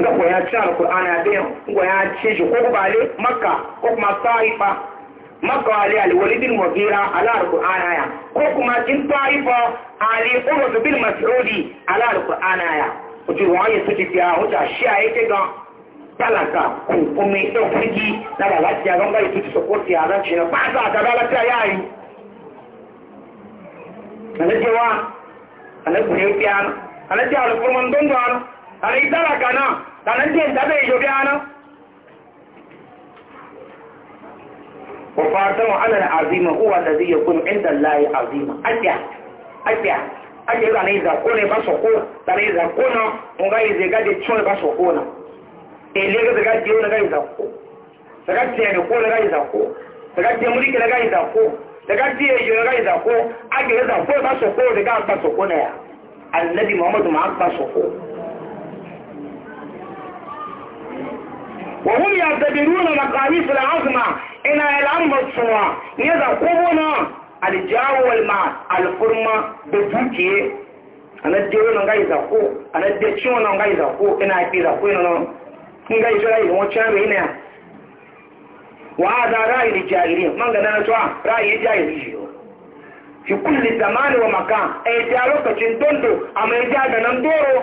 nga ko ya ci alquran ya bayan ko ya ci shi ko ba le makka ko kuma taifa makka ali al walid al mughira ala alquran ya ko kuma jin taifa ali urud bil mas'udi ala alquran ya ko ji wa ya suki ya hoja shi ayi ke ga talaka ko kuma da fiji da lafiya ga ngai tuti support ya ran shi na ba za ka da lafiya yayi kana jewa ana gure piano ana jalo ko man don don ana idara kana tàbí ìdábẹ̀ ìjọbí aná وفاطمة على العظيمة هو الذي يكون عند الله عظيمة أجع أجع أجع أنا إذا كون بسوكونا ترى إذا كون ونغا إذا قد تشون بسوكونا إليك إذا قد يون غا إذا كو سقد تيان كون غا إذا كو سقد تيمريك غا إذا كو سقد تيان يون غا إذا كو أجع إذا كو بسوكونا غا بسوكونا النبي محمد معك بسوكونا وهم يعتبرون مقاييس العظمى إن الأمر الصوى يذكرون الجاو والماء الفرمة بفوكي أنا جيرون نغاي زكو أنا ديشون نغاي زكو إن أبي زكو إنه نغاي زكو وشان بينا وهذا رأي الجاهلين من قد نتوى رأي الجاهلين في كل زمان ومكان أي جالوكة تندو أما يجاغ نمدورو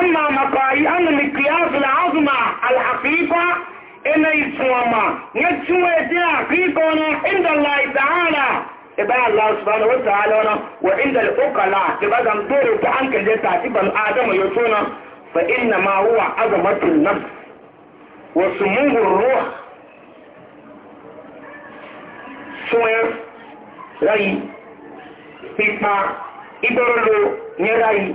أما مقاي ان مقياس العظمى الحقيقة إن يسوما يتسوى دي حقيقة عند الله تعالى إبا الله سبحانه وتعالى وعند الأقلاء إبا دور بأنك لتعتبا آدم يسونا فإنما هو عظمة النفس وسموه الروح سوير رأي إبا إبرلو نرأي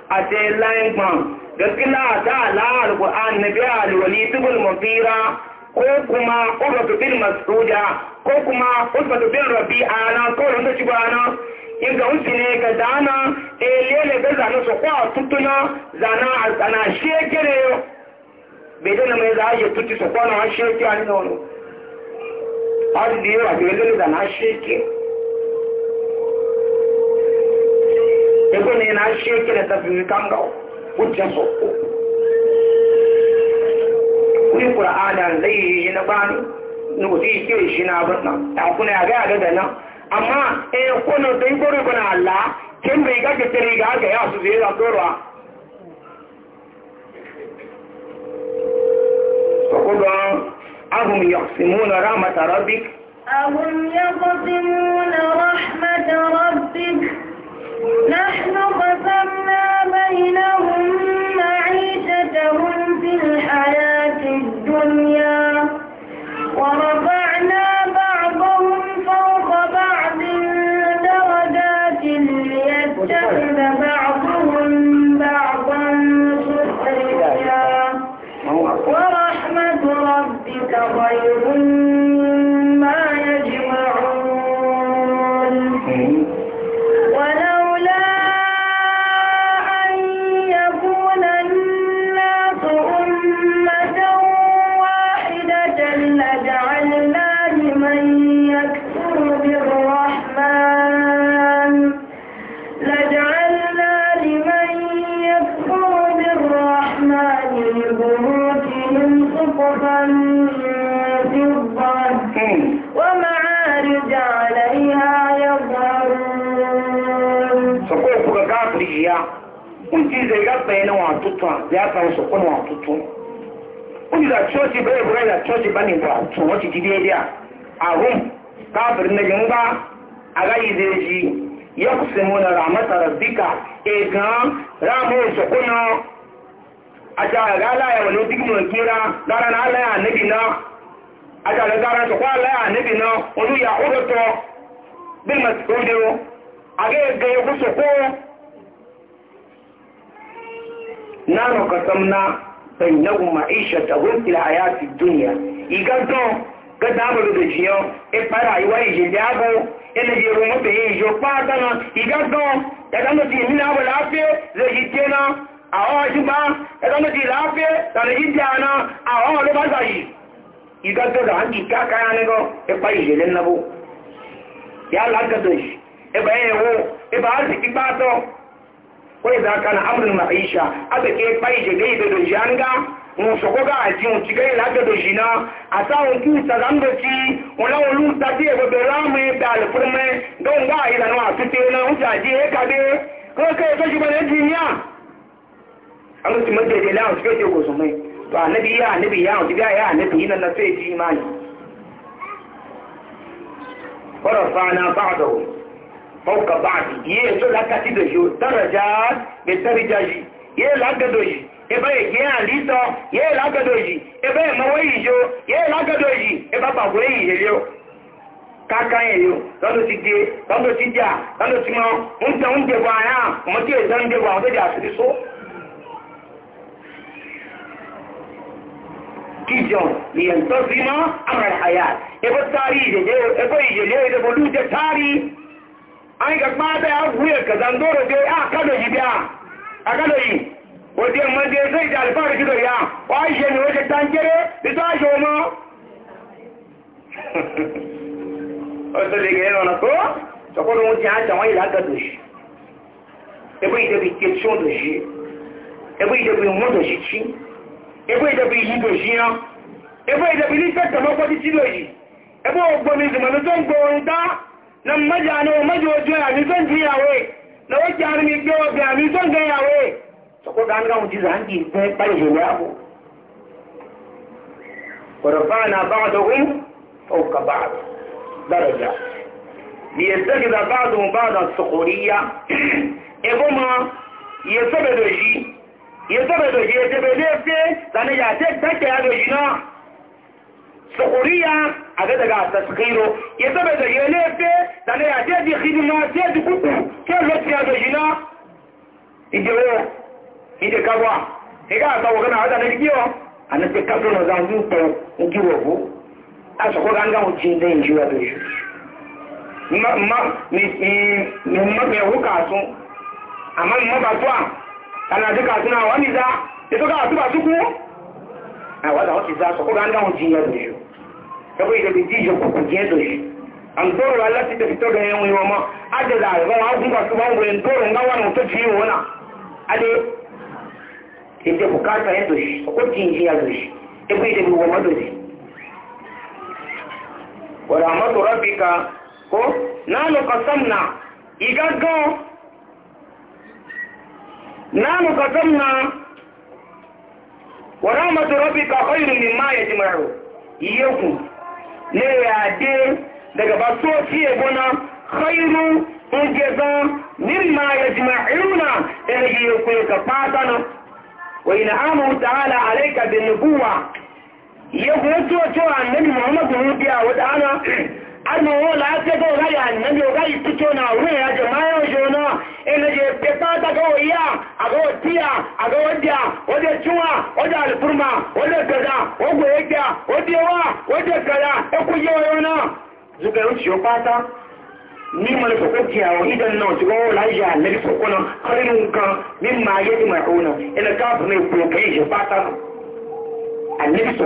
ate lankman da kila ta la'ar ƙwa'an na biya alwali tubul mafira ko kuma ƙurfatu bin masuja ko kuma ƙurfatu bin rabi a ne ga elele ga zana su tutuna zana a tsana shekere bai dana mai tuti su na shekere a ne da wani har da yawa zana shekere ebe na ina shi yake da tafiri kan ga hujjan sokko kuri qur'ana zai yi na bani no ti ke shi na batna ta kuna ya ga da nan amma eh kono dai goro bana Allah kin bai ga ke tari ga ga ya su zai da dorwa sokko ahum yaqsimuna rahmat rabbik ahum yaqsimuna rahmat rabbik نحن قسمنا بينهم معيشتهم في الحياة الدنيا ورفعنا بعضهم فوق بعض درجات ليتخذ بعضهم بعضا سخريا ورحمة ربك خير yi na wọn tutu a ya ka wọn sọkọ na wọn da chọọchị bẹrẹ bẹrẹ da chọọchị ba ba tụ wọn titi dee bia ahụ kafir na yi ngba agaghị dị ya kwụsị mụ na egan ramu sọkọ na aja aga ala ya wani digi mu kira gara na ala na aja aga gara bin نحن قسمنا بينهم معيشتهم في الحياة الدنيا إيقظتهم قد عملوا بجيو إبارا إيواي جلابو إنه يرمو بيه جو باتنا إيقظتهم يقاموا تيمين أول عافية زي جيتنا àwọn ọjúgbá ẹgbẹ́mọ́ ti láàáfẹ́ tàbí jíjẹ àná àwọn ọlọ́bàtà yìí ìgbàtọ̀dọ̀ àti ìkákàrà nígbọ́ ẹpa ìṣẹ̀lẹ̀ náà bó yà látọ̀dọ̀ ẹgbẹ̀ẹ́wó ẹbà á sì kígbàtọ̀ wai za ka na amurin ma'aisha aka ke fai je gai da doji an ga mun so ko ga aji mun ci gai da doji na a sa ki ku ta zan da ci wala wulu ta ti e be rame da don ga ida no a na un ta ji e ka de ko ka e ji bane jiniya niya an ti mun su ko so mai to ya nabi ya ga ya na sai ji imani fauka ba'di ye to la ka ti do yo darajat be darajaji ye la ga do yi e ba ye ya lito ye la ga do yi e ba mo we yi yo ye la ga do yi e ba ba we yi yo ka ka ye yo lọ́dọ̀ ti de lọ́dọ̀ ti ja lọ́dọ̀ ti mo un ta un de ba ya mo ti e san de ba o de ja ti so kíjọ ni yẹn tó fi mọ́ àmàrà àyà ẹgbẹ́ tààrí ìjẹ̀lẹ́ ẹgbẹ́ ìjẹ̀lẹ́ ìdẹ̀bọ̀lú jẹ tààrí an ga kpata ya buye ah, ka zandoro dai a kado yi biya a kado yi wajen mande zai da alfahari gido ya wa aishe ne wajen tankere da ta aishe ma wasu da ga yana ko sakwadon wuce hajjan wani da aka doshi ebe ida bi ke tso doshi ebe ida bi mu doshi ci ebe ida bi yi doshi ya ebe ida bi ni tattama kwadi ci doshi ebe ogbomi zumanin zon gborin ta nan majano majojo (clears throat) ya mi zan jiyawe na wake har mi biyo biya mi zan gayawe ta ko gani gamu jiza hanki zai ɓarje ne abu ورفعنا بعضهم فوق بعض درجة ليتخذ بعضهم بعضا سخورية إبما يسبب دوشي يسبب دوشي يتبدأ فيه لأن يعتقد تكي هذا الجناح sukuriya a daga ya zaba da ya lefe da na yaje ji hidima sai ji kuku ke lokiya da ije kabwa ega ta wogana hada na na a so ko ganga uji da injiwa da shi ma ma ni ma me huka a amma ma ba to kana duka suna wani za ito ga su ba su ku a saboda bidijin ku kuje da shi an doro Allah ta fito da yan wiwa ma da ga wa gunga su ban gurin wani wona ade ite ku ka shi ko ya shi ebe ku ide wa shi wa rahmatu ko nanu qasamna igaggo nanu wa ne ya de daga ba so fiye gona khairu ungeza mimma yajma'una energy ku ka fata na wa ina amu ta'ala alayka bin nubuwa yahu to to annabi muhammad hudiya wa ana annowo e, la ake ga oga ya annabi oga yi fito na wuya ya jama'a jona ina je pepa ta ga oya aga otia aga odia odia chuwa odia alfurma odia gaza ogwe egya odia wa o idan no zuga o la ya annabi ko kono kalin kan mimma yadi ma'una ina kafu ne ko kai je pata annabi ko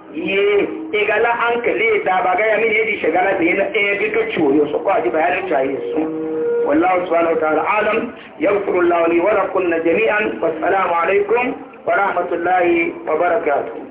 ye igala hankali da ba ga yamin yadi shagala da yana ɗaya bi ka ciwo su kwa ji bayanin cayi su wallahu subhanahu ta'ala alam yaghfirullahu li wa lakum jami'an wassalamu alaikum wa rahmatullahi wa barakatuh